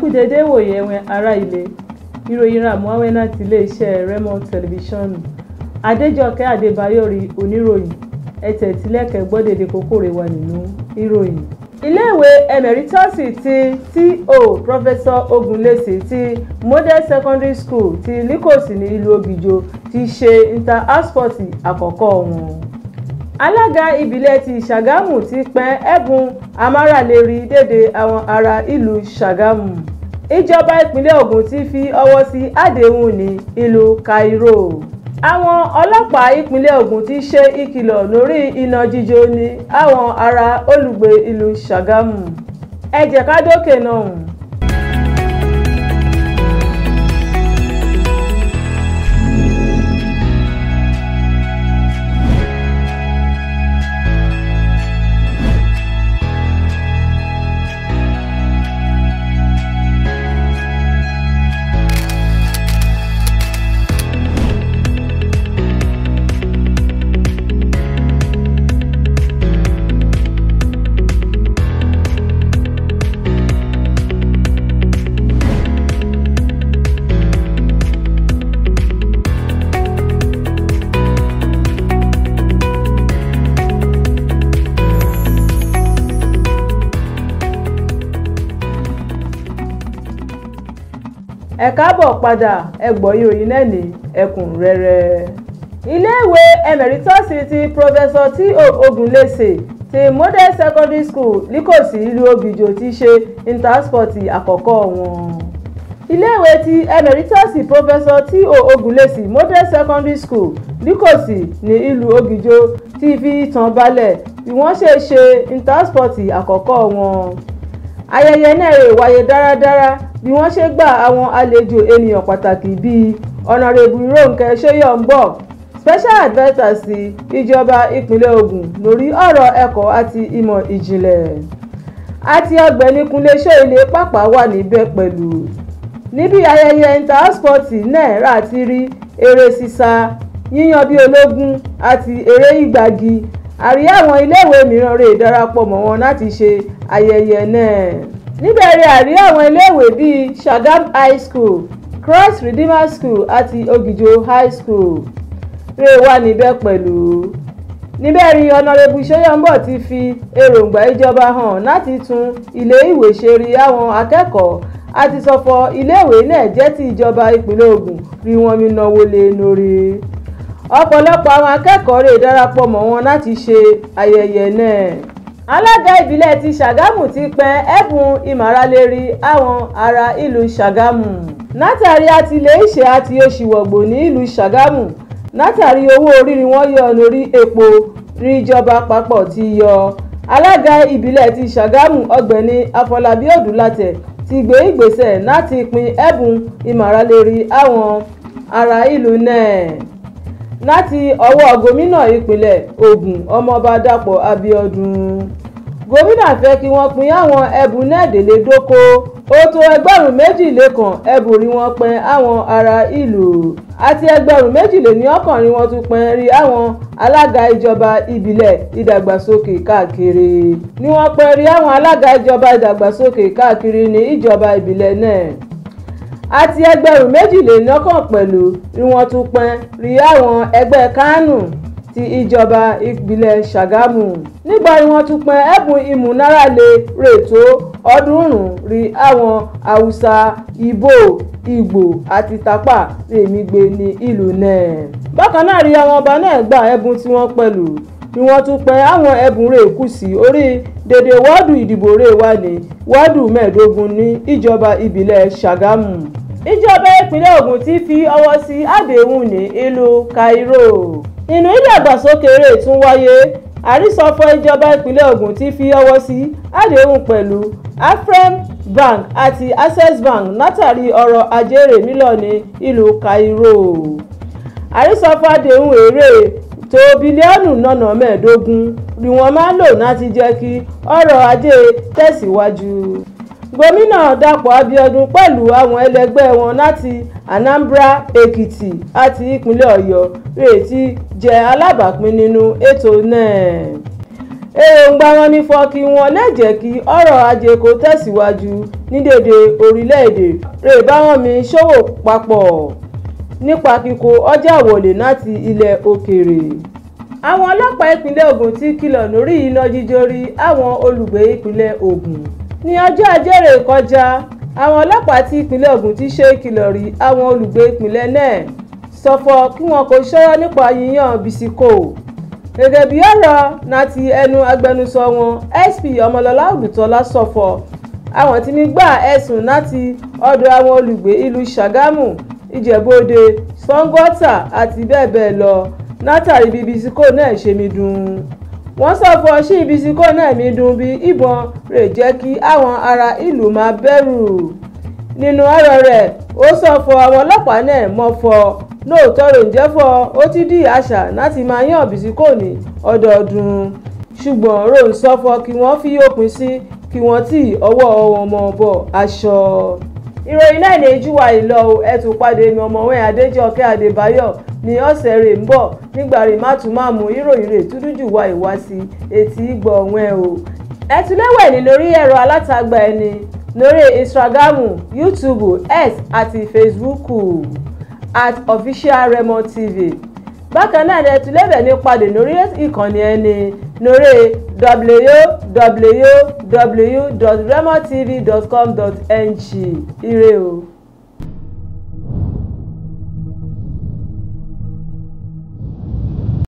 kú dédé ìwòye ẹ̀wẹ̀n ará ilé ìròyìn ramuawe láti iléeṣẹ́ Remo tẹlifíṣọ̀nù Adéjọkẹ́ Adébáyọ̀ rí oníròyìn ẹ̀tẹ̀ tílẹ̀kẹ̀ gbọ́dẹ̀dẹ̀ kókòrè wà nínú ìròyìn. iléèwé emeritọ́sì ti T.O. Professor Ogunlesi ti Model Secondary School ti Likosi ní ìlú Ògìjò ti ṣe inter house sports àkọ́kọ́ wọn alága ìbílẹ̀ ti Ṣàgámù ti pẹ́ ẹ̀bùn amáralérè dédé àwọn ará ìlú Ṣàgámù ìjọba ìpínlẹ̀ Ògùn ti fi ọwọ́ sí àdéhùn ní ìlú Cairo àwọn ọlọ́pàá ìpínlẹ̀ Ògùn ti ṣe ìkìlọ̀ lórí iná jíjó ní àwọn ará olùgbé ìlú Ṣàgámù ẹ jẹ́ ká dókè náà ẹ káàbọ̀ padà ẹ gbọ́ ìròyìn lẹ́ni ẹ̀kúnrẹ́rẹ́. iléèwé emeritus ti professor t o ogunlese ti model secondary school likosi ìlú ògìjò ti ṣe intersport àkọ́kọ́ wọn. iléèwé ti emeritus professor t o ogunlese model secondary school likosi ní ìlú ògìjò ti fi ìtàn balẹ̀ bí wọ́n ṣe ṣe intersport àkọ́kọ́ wọn ayẹyẹ náà rè wáyé dáradára bí wọ́n ṣe gba àwọn àlejò ènìyàn pàtàkì bíi ọ̀nàrẹ́bù Rónkẹ́ Ṣóyọ̀ǹbọ̀ special adviser sí ìjọba ìpínlẹ̀ Ògùn lórí ọ̀rọ̀ ẹ̀kọ́ àti ìmọ̀ ìjìnlẹ̀ àti ọ̀gbẹ́ni Kúnlé Ṣóyilé pàpà wà níbẹ̀ pẹ̀lú níbi ayẹyẹ intersport náírà ti rí eré sísá yíyan bí ológun àti eré ìgbàgi àrí àwọn iléèwé mìíràn rè darapọ̀ mọ́ wọn láti ṣe ayẹyẹ náà níbẹ̀rẹ̀ àríyá àwọn iléèwé bíi Sagamu High School Cross Redeemer School àti Ogijio High School rè wà níbẹ̀ pẹ̀lú níbẹ̀ rí ọ̀nàrẹ́bù ṣóyọ̀ǹbọ̀ ti fi èròǹgbà ìjọba hàn láti tún ilé ìwé ṣe rí àwọn akẹ́kọ̀ọ́ àti sọ̀fọ̀ iléèwé náà jẹ́ ti ìjọba ìpínlẹ̀ Ògùn rí wọn mi náwó lé lórí ọ̀pọ̀lọpọ̀ àwọn akẹ́kọ̀ọ́ rè darapọ̀ mọ́ wọn láti ṣe ayẹyẹ náà alága ìbílẹ̀ ti ṣàgámù ti pẹ ẹ̀bùn ìmàralérí àwọn ará ìlú ṣàgámù látàrí àtìlẹ́yìnṣẹ́ àti òṣìwọ̀gbò ní ìlú ṣàgámù látàrí owó orí ni wọ́n yọ lórí epo rí ìjọba àpapọ̀ ti yọ alága ìbílẹ̀ ti ṣàgámù ọ̀gbẹ́ni afọlábí odúlátẹ̀ ti gbé ìgbésẹ̀ láti pín ẹ̀bùn ìmàralérí àwọn ará ìlú náà láti ọwọ́ gómìnà ìpínlẹ̀ Ògùn ọmọọba Dàpọ̀ Abíọ́dún gómìnà fẹ́ kí wọ́n pín àwọn ẹ̀bùn náà délé dóko ó tó ẹgbẹ̀rún méjìlékan ẹ̀bùn rí wọn pẹ́ àwọn ará ìlú àti ẹgbẹ̀rún méjìléní ọ̀kan rí wọn tún pẹ́ rí àwọn alága ìjọba ìbílẹ̀ ìdàgbàsókè káàkiri ni wọ́n pẹ́ rí àwọn alága ìjọba ìdàgbàsókè káàkiri ní ìjọba ìbílẹ̀ náà àti ẹgbẹ̀rún méjìlélọ́kàn pẹ̀lú rí wọn tún pẹ́n rí àwọn ẹgbẹ́ kánù ti ìjọba ìbílẹ̀ ṣàgámù nígbà rí wọn tún pẹ́n ẹ̀bùn ìmúnárale rè tó ọ̀ọ́dúnrún rí àwọn haúsá ìbò ìgbò àti tápà rèmi gbé ní ìlú náà bákan náà rí àwọn ọba náà gba ẹ̀bùn tí wọ́n pẹ̀lú rí àwọn ẹ̀bùn rè kù sí orí dèdè wọ́ọ̀dù ìdìbò rẹ̀ wà ní wọ́ọ̀dù mẹ́ẹ̀ẹ́dógún ní ìjọba ìbílẹ̀ Ṣàgámù ìjọba ìpínlẹ̀ Ògùn ti fi ọwọ́ sí àdéhùn ní ìlú Cairo nínú ìdàgbàsókè rẹ̀ tún wáyé àrísọfọ ìjọba ìpínlẹ̀ Ògùn ti fi ọwọ́ sí àdéhùn pẹ̀lú Afrem Bank àti Access Bank látàrí ọrọ̀ ajé rẹ̀ mílíọ̀nù ìlú Cairo àrísọfọ àdéhùn èrè tó bílíọ̀nù lọ́nà mẹ́ẹ̀ẹ́dógún ni wọ́n máa ń lò láti jẹ́ kí ọrọ̀ ajé tẹ̀síwájú. gómìnà dàpọ̀ abiodun pẹ̀lú àwọn ẹlẹgbẹ́ wọn láti anambra èkìtì àti ìpínlẹ̀ ọ̀yọ́ retí jẹ́ alábàápín nínú ètò náà èròǹgbà wọn ní fọ kí wọn lè jẹ́ kí ọrọ̀ ajé kó tẹ̀síwájú ní dèdè orílẹ̀-èdè rẹ̀ báwọn mi ṣòwò papọ̀ nípa kíkó ọjà wọlé láti ilẹ̀ òkèèrè àwọn ọlọ́pàá ìpínlẹ̀ Ògùn ti kìlọ̀ lórí iná jíjó rí àwọn olùgbé ìpínlẹ̀ Ògùn ní ọjọ́ ajẹ́rè kọjá àwọn ọlọ́pàá ti ìpínlẹ̀ Ògùn ti ṣe ìkìlọ̀ rí àwọn olùgbé ìpínlẹ̀ náà sọ̀fọ̀ kí wọn kò ṣọ́rọ́ nípa yíyan bisikò gẹ́gẹ́ bí ọ̀rọ̀ láti ẹnu agbẹnusọ wọn SP Ọmọlọlá Ògùntọ́lá sọ̀fọ̀ àwọn tí mi gbà ẹ̀sùn láti ọ̀dọ̀ àwọn olùgbé ìlú Ṣàgámù Ìjẹ̀bú-Òde Sàngótà àti bẹ́ẹ̀ bẹ́ẹ̀ lọ látàrí bí bisikó náà ṣe mí dùn wọ́n ṣọ̀fọ̀ sí bisikó náà mí dùn bí ìbọn rẹ̀ jẹ́ kí àwọn ará ìlú máa bẹ̀rù nínú ọ̀rọ̀ rẹ̀ ó ṣọ̀fọ̀ àwọn ọlọ́pàá náà mọ̀fọ̀ lóòótọ́ ló ń jẹ́fọ́ ó ti di àṣà láti máa yàn bisikó ní ọdọọdún ṣùgbọ́n ròǹsọ̀fọ̀ kí wọ́n fi òpin sí kí wọ́n tì ọwọ́ ọmọ bọ̀ aṣọ. ìròyìn náà ní ìjúwà ìlọ o ẹ tún padà èmi ọ̀mọ̀wé adéjọkẹ́ adébáyọ̀ ní ọ̀sẹ̀ rẹ̀ ń bọ̀ nígbà rẹ̀ má tún máa mú ìròyìn rẹ̀ túdú jù wa ìwá sí etí gbọ̀nwẹ́ o. ẹ tún léwẹ̀ ní lórí ẹ̀rọ alátagbà ẹni lórí instagram youtube x àti facebook at official remo tv bákan náà ẹ tún lébẹ̀ ní padà lórí ìkànnì ẹni lórí www.remotv.com.ng ire o.